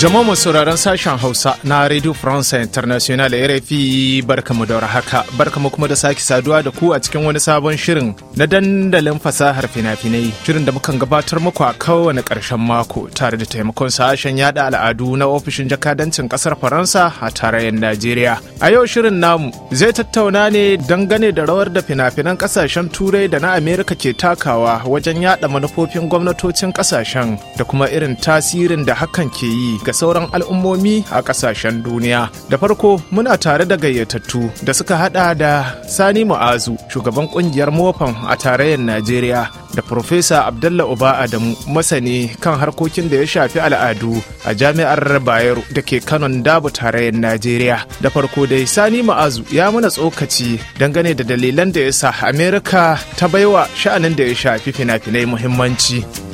Jama'a sauraron sashen Hausa na Radio France International RFI barkamu da haka barkamu kuma da sake saduwa da ku a cikin wani sabon shirin na dandalin fasahar fina-finai shirin da muka gabatar muku a kowane ƙarshen mako tare da taimakon sashen yada al'adu na ofishin jakadancin ƙasar Faransa a tarayyar Najeriya. A yau shirin namu zai tattauna ne dangane da rawar da fina-finan ƙasashen Turai da na Amerika ke takawa wajen yada manufofin gwamnatocin ƙasashen da kuma irin tasirin da hakan ke yi ga sauran al'ummomi a ƙasashen duniya. Da farko muna tare da gayyatattu da suka hada da Sani Mu'azu, shugaban ƙungiyar Mofan a tarayyar Najeriya, da Profesa Abdalla Uba Adamu, masani kan harkokin da ya shafi al'adu a jami'ar Bayero da ke Kanon Dabu tarayyar Najeriya. Da farko dai Sani Mu'azu ya mana tsokaci dangane da dalilan da ya sa Amerika ta baiwa sha'anin da ya shafi fina-finai muhimmanci.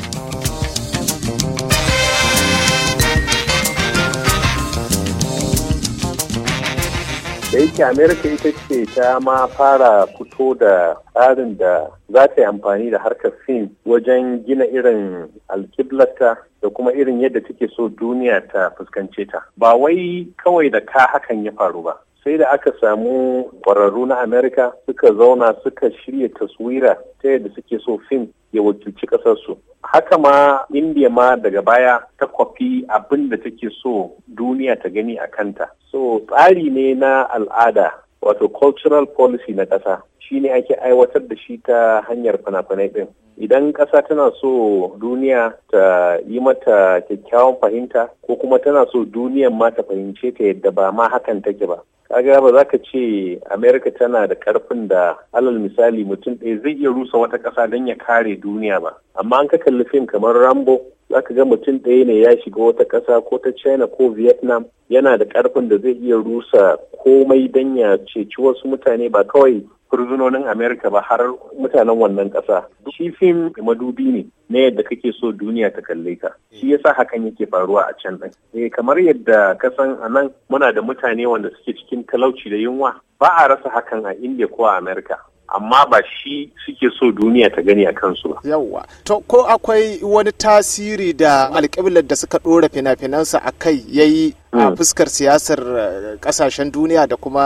yake amerika ita ce ta ma fara fito da tsarin da za ta yi amfani da harkar fim wajen gina irin alkiblata da kuma irin yadda take so duniya ta fuskance ta ba wai kawai da ka hakan ya faru ba sai da aka samu ƙwararru na amerika suka zauna suka shirya taswira ta yadda suke so fim ya wakilci ƙasarsu haka ma indiya ma daga baya ta kwafi abin da take so duniya ta gani a kanta so tsari ne na al'ada wato cultural policy na ƙasa shi ne ake aiwatar da shi ta hanyar fana-fanai ɗin. Idan ƙasa tana so duniya ta yi mata kyakkyawan fahimta ko kuma tana so duniyan ma ta fahimce ta yadda ba ma hakan take ba. Kaga ba za ka ce Amerika tana da ƙarfin da alal misali mutum ɗaya zai iya rusa wata ƙasa don ya kare duniya ba. Amma an ka kalli fim kamar Rambo Za ka ga mutum ɗaya ne ya shiga wata ƙasa ko ta china ko vietnam yana da ƙarfin da zai iya rusa komai don ya ceci wasu mutane ba kawai fursunonin amerika ba har mutanen wannan ƙasa shi fim madubi ne na yadda kake so duniya ta kalle ka shi yasa hakan yake faruwa a can ɗin eh kamar yadda ka san a nan muna da mutane wanda suke cikin talauci da yunwa ba a rasa hakan a indiya ko a amerika amma ba shi suke so duniya ta gani a kansu ba. Yawwa, to ko akwai wani tasiri da alƙiblar da suka ɗora fina-finansa a kai ya yi a hmm. fuskar siyasar eh, ƙasashen duniya da kuma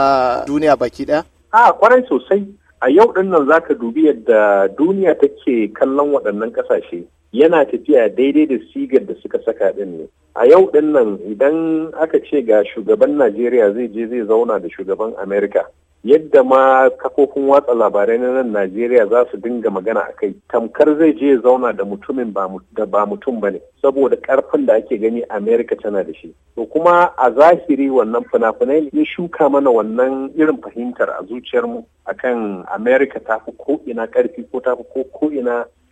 duniya baki ɗaya? a kwarai sosai a yau din nan zaka dubi yadda duniya take kallon waɗannan ƙasashe yana tafiya daidai da sigar da suka saka din ne a yau din nan idan aka ce ga shugaban najeriya zai je zai zauna da shugaban amerika yadda ma kafofin watsa labarai na nan najeriya za su dinga magana a kai tamkar zai je zauna da mutumin da ba mutum ba ne saboda karfin da ake gani amerika tana da shi to kuma a zahiri wannan fina-finai ya shuka mana wannan irin fahimtar a zuciyarmu akan amerika ta fi ko ina karfi ko ta fi ko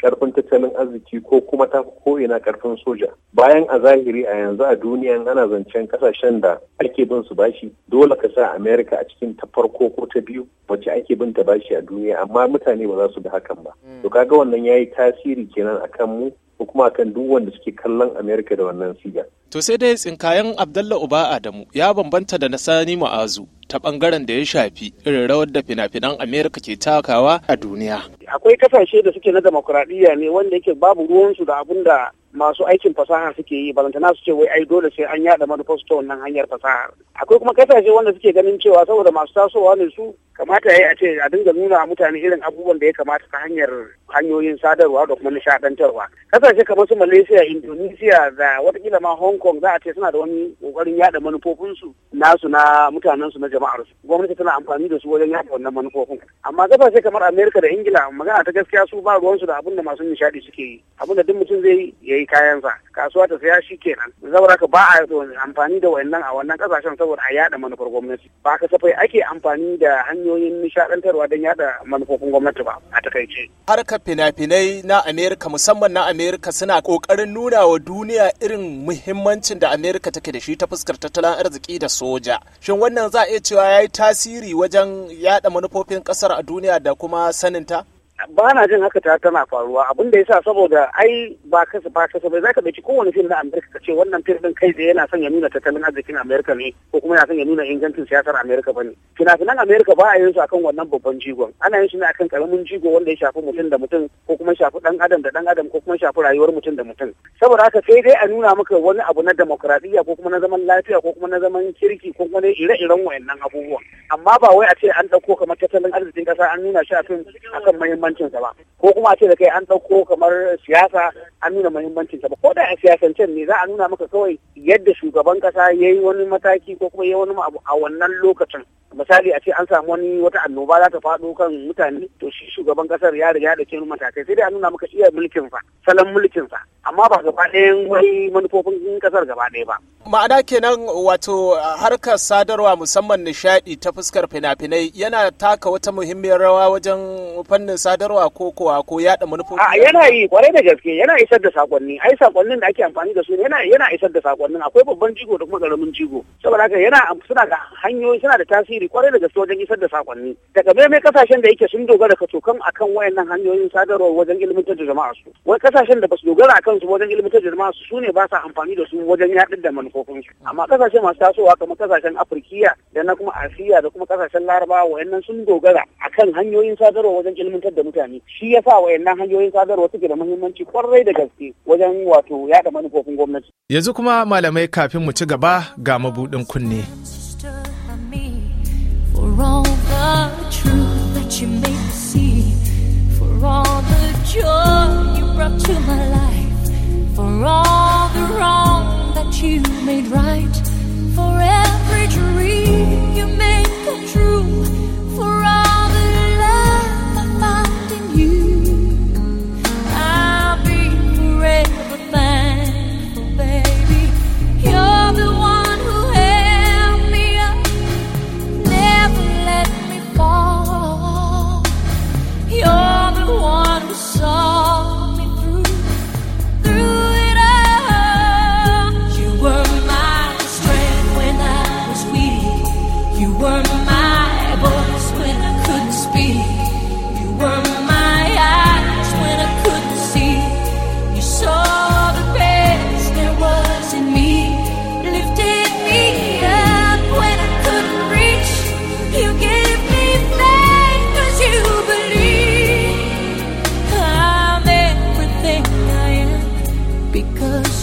karfin tattalin arziki ko kuma ta ko ina karfin soja bayan a zahiri a yanzu a duniya ana zancen kasashen da ake bin su bashi dole ka sa america a cikin ta farko ko ta biyu wacce ake bin ta bashi a duniya amma mutane ba za su da hakan ba hmm. to kaga wannan yayi tasiri kenan akan mu ko kuma kan duk wanda suke kallon Amerika da wannan siga. To sai dai tsinkayen Abdallah Uba Adamu ya bambanta da na Sani Ma'azu ta bangaren da ya shafi irin rawar da fina-finan Amerika ke takawa a duniya. Akwai kasashe da suke na demokuraɗiyya ne wanda yake babu ruwansu da abun da masu aikin fasaha suke yi balantana su ce wai ai dole sai an yada manufar ta wannan hanyar fasaha akwai kuma kasashe wanda suke ganin cewa saboda masu tasowa ne su kamata ya yi a ce a dinga nuna mutane irin abubuwan da ya kamata ta hanyar hanyoyin sadarwa da kuma nishadantarwa kasashe kamar su malaysia indonesia da watakila ma hong kong za a ce suna da wani kokarin yada manufofinsu nasu na mutanensu na jama'ar su gwamnati tana amfani da su wajen yada wannan manufofin amma kasashe kamar america da ingila magana ta gaskiya su ba ruwansu da abin da masu nishadi suke yi abin da duk mutum zai yi kayansa kasuwa ta saya shi kenan saboda ka ba a amfani da wayannan a wannan kasashen saboda a yada manufar gwamnati ba kasafai ake amfani da hanyoyin nishadantarwa don yada manufofin gwamnati ba a takaice harkar fina-finai na amerika musamman na amerika suna kokarin nuna wa duniya irin muhimmancin da amerika take da shi ta fuskar tattalin arziki da soja shin wannan za a iya cewa ya yi tasiri wajen yada manufofin kasar a duniya da kuma saninta ba na jin haka ta tana faruwa abin da yasa saboda ai ba kasa ba kasa bai zaka dauki kowane fim na Amerika ka ce wannan fim din kai da yana son ya nuna tattalin arzikin Amerika ne ko kuma yana son ya nuna ingancin siyasar Amerika bane fina-finan Amerika ba a yin su akan wannan babban jigon ana yin shi ne akan karamin jigo wanda ya shafi mutum da mutum ko kuma shafi dan adam da dan adam ko kuma shafi rayuwar mutum da mutum saboda haka sai dai a nuna maka wani abu na demokradiyya ko kuma na zaman lafiya ko kuma na zaman kirki ko kuma na ire-iren wayannan abubuwan amma ba wai a ce an dauko kamar tattalin arzikin kasa an nuna shi a akan muhimmanci muhimmancin sa ba ko kuma a ce da kai an ɗauko kamar siyasa an nuna muhimmancinsa sa ba ko da a siyasancen ne za a nuna maka kawai yadda shugaban kasa ya yi wani mataki ko kuma ya wani abu a wannan lokacin misali a ce an samu wani wata annoba za ta faɗo kan mutane to shi shugaban kasar ya riga da ke matakai sai dai a nuna maka iya mulkin sa salon mulkin sa amma ba gaba ɗayan wai manufofin kasar gaba ɗaya ba ma'ana kenan wato harkar sadarwa musamman nishaɗi ta fuskar fina-finai yana taka wata muhimmiyar rawa wajen fannin sadarwa sadarwa ko kowa ko manufofi a yana yi kwarai da gaske yana isar da sakonni ai sakonnin da ake amfani da su yana yana isar da sakonnin akwai babban jigo da kuma karamin jigo saboda haka yana suna da hanyoyi suna da tasiri kwarai da gaske wajen isar da sakonni daga mai kasashen da yake sun dogara ka tokan akan wayannan hanyoyin sadarwa wajen ilmantar da jama'a su wai kasashen da ba su dogara akan su wajen ilmantar da jama'a su ne ba sa amfani da su wajen yaɗar da manufofin su amma kasashe masu tasowa kamar kasashen afirkiya da na kuma asiya da kuma kasashen larabawa wayannan sun dogara akan hanyoyin sadarwa wajen ilmantar da mutane shi yasa wayannan hanyoyin sadarwa suke da muhimmanci kwarai da gaske wajen wato yada manufofin gwamnati yanzu kuma malamai kafin mu ci gaba ga mabudin kunne For all the wrong that you made right, for every dream you made come true.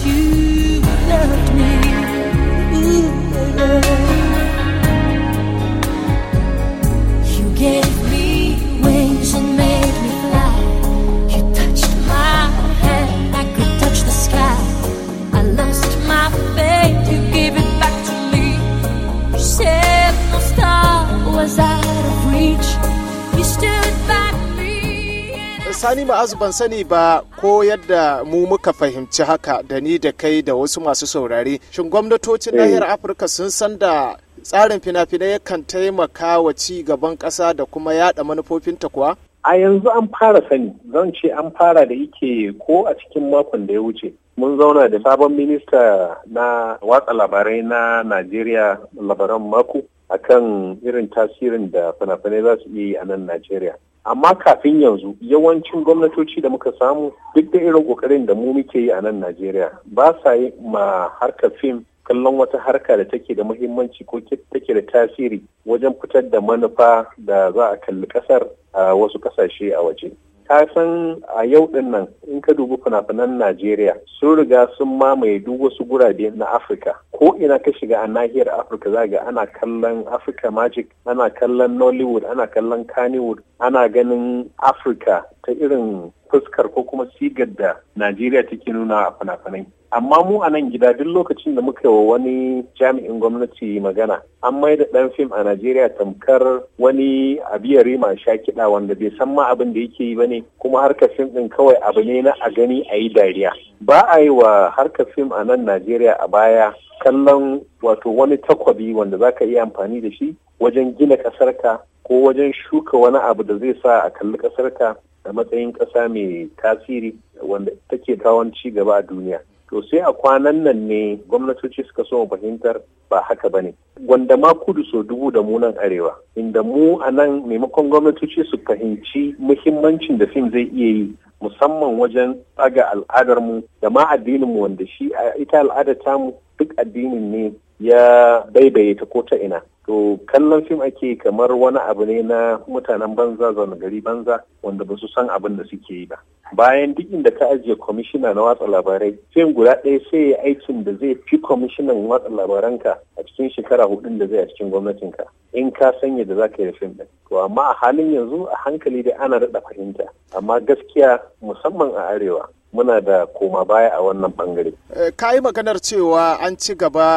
you loved me. Ooh, baby. sani ma'azu ban sani ba ko yadda mu muka fahimci haka da ni da kai da wasu masu saurari shin gwamnatocin eh. nahiyar afirka sun san da tsarin fina-finai yakan taimaka wa ci gaban ƙasa da kuma yada manufofinta kuwa a yanzu an fara sani zan ce an fara da yake ko a cikin makon da ya wuce mun zauna da sabon minista na watsa labarai na najeriya labaran mako akan irin tasirin da fina-finai za su yi a nan najeriya amma kafin yanzu yawancin gwamnatoci da muka samu duk da irin kokarin da mu muke yi a nan najeriya ba sa yi ma harkar fim kallon wata harka da take da muhimmanci ko take da tasiri wajen fitar da manufa da za a kalli kasar a wasu kasashe a waje ka san a yau din nan ka dubi fina-finan Najeriya sun riga sun mamaye duk wasu gurabe na Afirka. Ko ina ka shiga a nahiyar Afirka za ga ana kallon Africa Magic, ana kallon Nollywood, ana kallon Kannywood, ana ganin Afirka ta irin fuskar ko kuma sigar da Najeriya take nuna a fina-finai. amma mu a nan gida duk lokacin da muka wa wani jami'in gwamnati magana an mai da ɗan fim a najeriya tamkar wani abiyar rima sha kiɗa wanda bai san ma abin da yake yi ba ne kuma harkar fim ɗin kawai abu ne na a gani a yi dariya ba a yi wa harkar fim a nan najeriya a baya kallon wato wani takwabi wanda za ka iya amfani da shi wajen gina ƙasarka ko wajen shuka wani abu da zai sa a kalli ƙasarka a matsayin ƙasa mai tasiri wanda take kawon ci gaba a duniya to sai a kwanan nan ne gwamnatoci suka so mu fahimtar ba haka ba ne gwanda ma kudu so dubu da mu nan arewa inda mu a nan maimakon gwamnatoci su fahimci muhimmancin da fim zai iya yi musamman wajen tsaga al'adar mu da ma addinin mu wanda shi ita al'adar ta mu duk addinin ne ya baibaye ta ko ta ina to kallon fim ake kamar wani abu ne na mutanen banza zaune gari banza wanda ba su san abin da suke yi ba bayan duk inda ka ajiye kwamishina na watsa labarai fim guda ɗaya sai ya aikin da zai fi kwamishinan watsa labaranka a cikin shekara hudun da zai a cikin gwamnatinka in ka sanya da za ka yi da fim ɗin to amma a halin yanzu a hankali dai ana daɗa fahimta amma gaskiya musamman a arewa muna da koma baya a wannan bangare. Eh, ka yi maganar cewa an ci gaba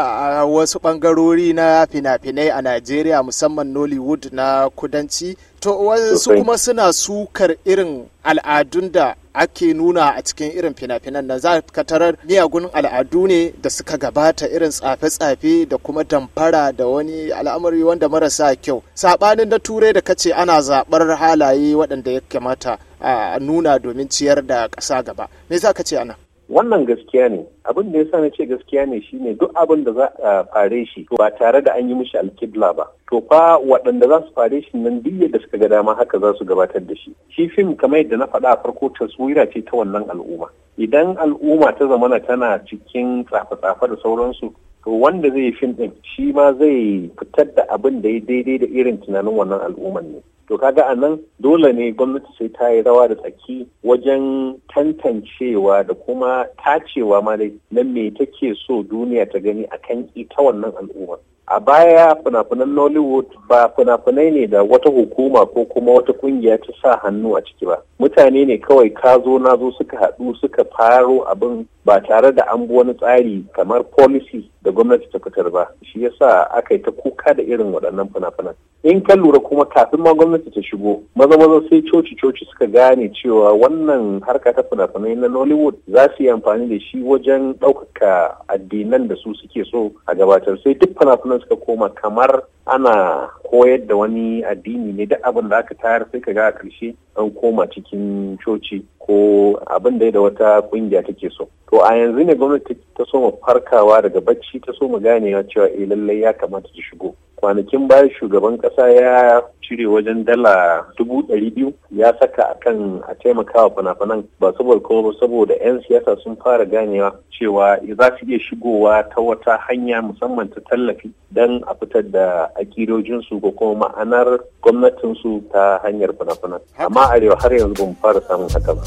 a wasu bangarori na fina-finai a Najeriya musamman Nollywood na kudanci, to wasu kuma suna sukar irin al'adun da ake nuna a cikin irin fina-finan nan za ka tarar miyagun al'adu ne da suka gabata irin tsafe-tsafe da kuma damfara da wani al'amari wanda marasa kyau saɓanin na turai da kace ana zaɓar halaye waɗanda ya kamata a nuna domin ciyar da ƙasa gaba me za ka ce anan wannan gaskiya ne abin da ya sa na ce gaskiya ne shine duk abin da za a fare shi ba tare da an yi mishi alkibla ba to fa waɗanda za su fare shi nan duk yadda suka ga dama haka za su gabatar da shi shi fim kamar yadda na faɗa a farko taswira ce ta wannan al'umma idan al'umma ta zamana tana cikin tsafe-tsafe da sauransu to wanda zai yi fim ɗin shi ma zai fitar da abin da ya daidai da irin tunanin wannan al'umman ne to kaga a nan dole ne gwamnati sai ta yi rawa da tsaki wajen tantancewa da kuma tacewa ma dai na me take so duniya ta gani akan ita wannan al'umma a baya fina-finan nollywood ba fina-finai ne da wata hukuma ko kuma wata kungiya ta sa hannu a ciki ba mutane ne kawai ka zo na zo suka haɗu suka faro abin ba tare da an bi wani tsari kamar policy da gwamnati ta fitar ba shi yasa aka yi ta kuka da irin waɗannan fina-finan in ka lura kuma kafin ma gwamnati ta shigo maza maza sai coci coci suka gane cewa wannan harka ta fina na nollywood za su yi amfani da shi wajen ɗaukaka addinan da su suke so a gabatar sai duk fina al'amuran suka koma kamar ana koyar da wani addini ne duk abin da aka tayar sai ka ga a karshe an koma cikin coci ko abin da ya da wata kungiya take so to a yanzu ne gwamnati ta so mu farkawa daga bacci ta so mu ganewa cewa eh lallai ya kamata ta shigo kwanakin baya shugaban ƙasa ya cire wajen dala dubu ɗari biyu ya saka akan a taimakawa fana-fanan ba saboda kuma ba saboda 'yan siyasa sun fara ganewa cewa za su iya shigowa ta wata hanya musamman ta tallafi don a fitar da akidojinsu ko kuma ma'anar gwamnatinsu ta hanyar fana-fanan amma arewa har yanzu ba mu fara samun haka ba.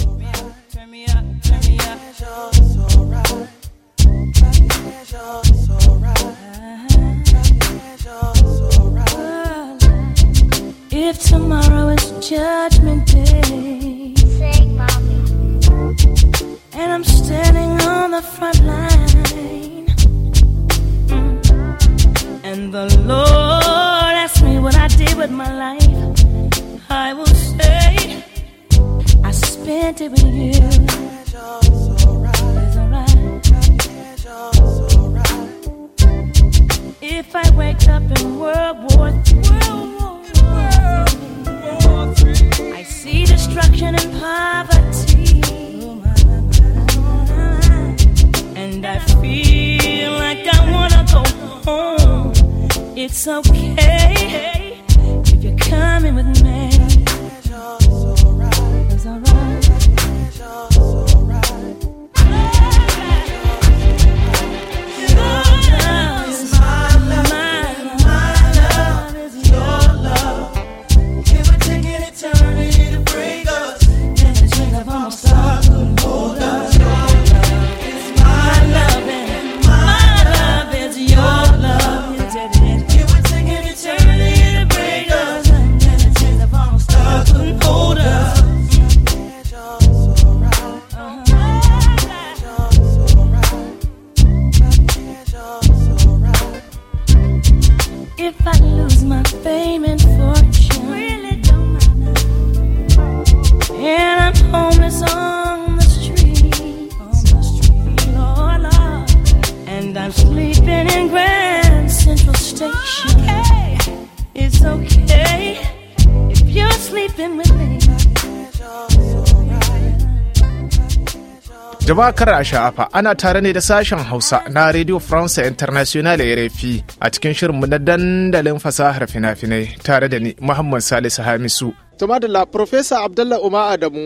so jabakar a sha'afa ana tare ne da sashen Hausa na Radio France International RFI a cikin shirin mu na dandalin fasahar fina-finai tare da ni Muhammad Salisu Hamisu. Tumadala, Profesa Abdullah Umar Adamu.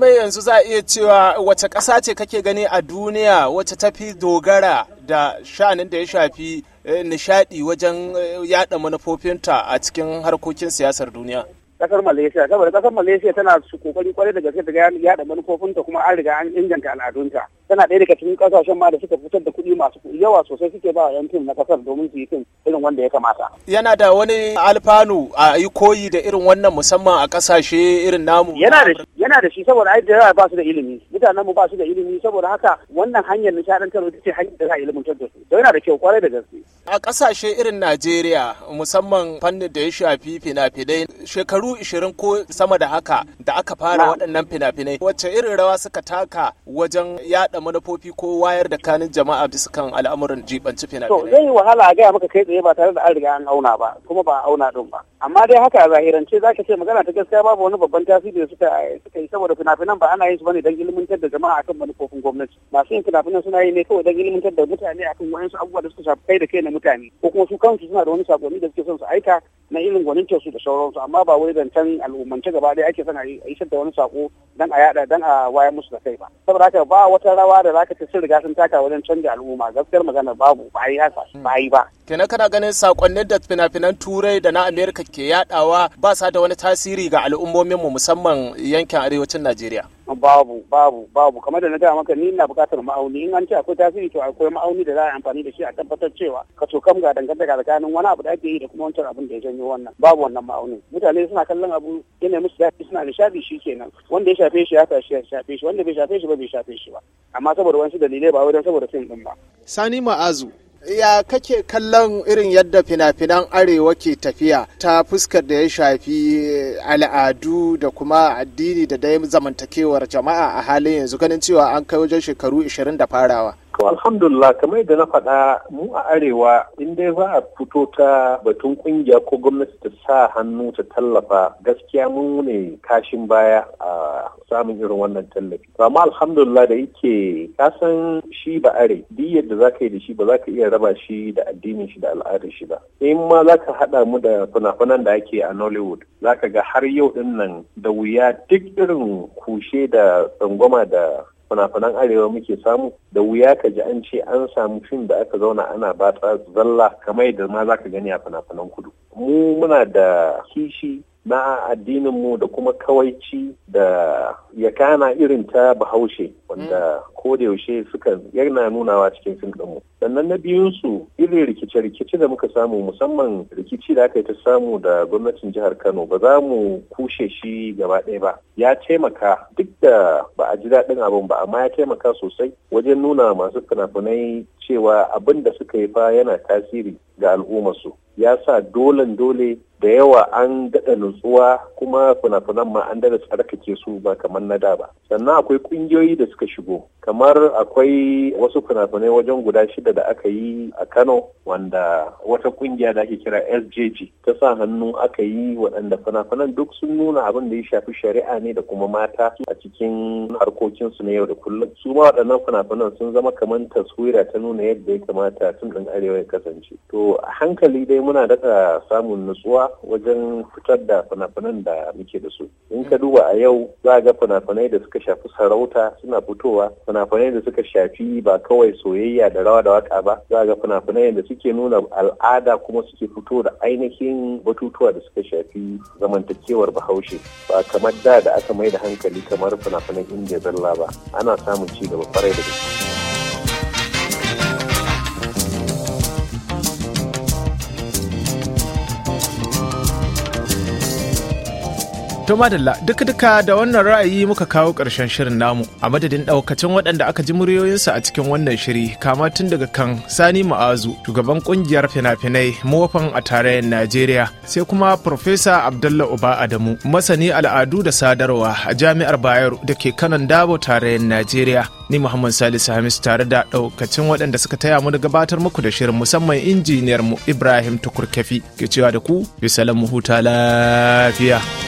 mai yanzu za a iya cewa wace ƙasa ce kake gani a duniya wacce ta fi dogara da sha'anin da ya shafi Eh, nishadi wajen eh, yada manufofinta a cikin harkokin siyasar duniya kasar malaysia saboda kasar malaysia tana su kokari kwarai da gaske daga yada manufofinta kuma an riga an inganta al'adunta tana ɗaya daga cikin kasashen ma da suka fitar da kuɗi masu yawa sosai suke ba yan fim na kasar domin su yi fim irin wanda ya kamata. Yana da wani alfanu a yi koyi da irin wannan musamman a kasashe irin namu. Yana da yana da shi saboda ai yawa ba su da ilimi mutanen mu ba su da ilimi saboda haka wannan hanyar nishadantar ita ce hanyar da za a ilimantar da su to yana da kyau kwarai da gaske. A kasashe irin Najeriya musamman fannin da ya shafi fina-finai shekaru ishirin ko sama da haka da aka fara waɗannan fina-finai wacce irin rawa suka taka wajen yaɗa haɗa manufofi ko wayar da kanin jama'a bisa kan al'amuran jibanci fina-finai. To zai yi wahala a gaya maka kai tsaye ba tare da an riga an auna ba kuma ba auna ɗin ba. amma dai haka a zahirance za ka ce magana ta gaskiya babu wani babban tasiri da suka suka yi saboda fina-finan ba ana yin su bane don ilmantar da jama'a akan manufofin gwamnati masu yin fina-finan suna yi ne kawai don ilmantar da mutane akan wayansu abubuwa da suka shafi kai da kai na mutane ko kuma su kansu suna da wani sakonni da suke son su aika na irin gwanintar su da sauransu amma ba wai zancen al'ummance gaba ɗaya ake son a yi da wani sako dan a yada dan a waya musu da kai ba saboda haka ba wata rawa da za ka ce sun riga sun taka wajen canja al'umma gaskiyar magana babu ba yi haka ba yi ba hmm. kana ganin sakonnin da fina-finan turai da na amerika ke yadawa ba sa da wani tasiri ga mu musamman yankin arewacin Najeriya. babu babu babu kamar da na gaya maka ni na bukatar ma'auni in an ce akwai tasiri to akwai ma'auni da za a amfani da shi a tabbatar cewa ka kam ga dangantaka tsakanin wani abu da ake yi da kuma wancan abin da ya janyo wannan babu wannan ma'auni mutane suna kallon abu yana musu daɗi suna nishadi shi kenan wanda ya shafe shi ya shafe shi wanda bai shafe shi ba bai shafe shi ba amma saboda wasu dalilai ba wai don saboda fim din ba sani ma'azu ya kake kallon irin yadda fina-finan arewa ke tafiya ta fuskar da ya shafi eh, al'adu da kuma addini da dai zamantakewar jama'a a halin yanzu ganin cewa an kai wajen shekaru 20 da farawa To alhamdulillah kamar yadda na faɗa mu a arewa in dai za a fito ta batun kungiya ko gwamnati ta sa hannu ta tallafa gaskiya mu ne kashin baya a samun irin wannan tallafi. Amma alhamdulillah da yake kasan shi ba are duk yadda za ka yi da shi ba za ka iya raba shi da addinin shi da al'adar shi ba. In ma za ka haɗa mu da fina-finan da ake a Nollywood za ka ga har yau ɗin nan da wuya duk irin kushe da tsangwama da fina-finan arewa muke samu da wuya ka ji an ce an samu fim da aka zauna ana batsa zalla kamar yadda ma za ka gani a fina-finan kudu mu muna da kishi na addinin mu da kuma kawaici da yakana irin ta bahaushe wanda ko yaushe suka yana nunawa cikin fim ɗinmu sannan na biyun su irin rikice-rikice da muka samu musamman rikici da aka yi ta samu da gwamnatin jihar Kano ba za mu kushe shi gaba ɗaya ba ya taimaka duk da ba a ji daɗin abin ba amma ya taimaka sosai wajen nuna masu fina-finai cewa abin da suka yi fa yana tasiri ga al'ummarsu ya sa dolen dole da yawa an daɗa nutsuwa kuma fina-finan ma an daɗa tsarkake su ba kamar na da ba sannan akwai ƙungiyoyi da suka suka shigo kamar akwai wasu fina-finai wajen guda shida da aka yi a kano wanda wata kungiya da ake kira sjg ta sa hannu aka yi waɗanda fina-finan duk sun nuna abin da ya shafi shari'a ne da kuma mata a cikin harkokinsu na yau da kullum su ma waɗannan fina-finan sun zama kamar taswira ta nuna yadda ya kamata tun ɗin arewa ya kasance to a hankali dai muna daɗa samun nutsuwa wajen fitar da fina-finan da muke da su in ka duba a yau za a ga fina-finai da suka shafi sarauta suna fitowa fina-finai da suka shafi ba kawai soyayya da rawa da waka ba za ga fina-finai da suke nuna al'ada kuma suke fito da ainihin batutuwa da suka shafi zamantakewar bahaushe ba kamar da da aka mai da hankali kamar fina-finan indiya zalla ba ana samun ci gaba farai da gaske To madalla duka duka da wannan ra'ayi muka kawo ƙarshen shirin namu a madadin ɗaukacin waɗanda aka ji muryoyinsu a cikin wannan shiri kama tun daga kan Sani Ma'azu shugaban ƙungiyar fina-finai mofan a tarayyar Najeriya sai kuma Profesa Abdullah Uba Adamu masani al'adu da sadarwa a Jami'ar Bayero da ke kanan Dabo tarayyar Najeriya. Ni Muhammad Salisu Hamis tare da ɗaukacin waɗanda suka taya mu da gabatar muku da shirin musamman injiniyar mu Ibrahim Tukurkefi ke cewa da ku mu huta lafiya.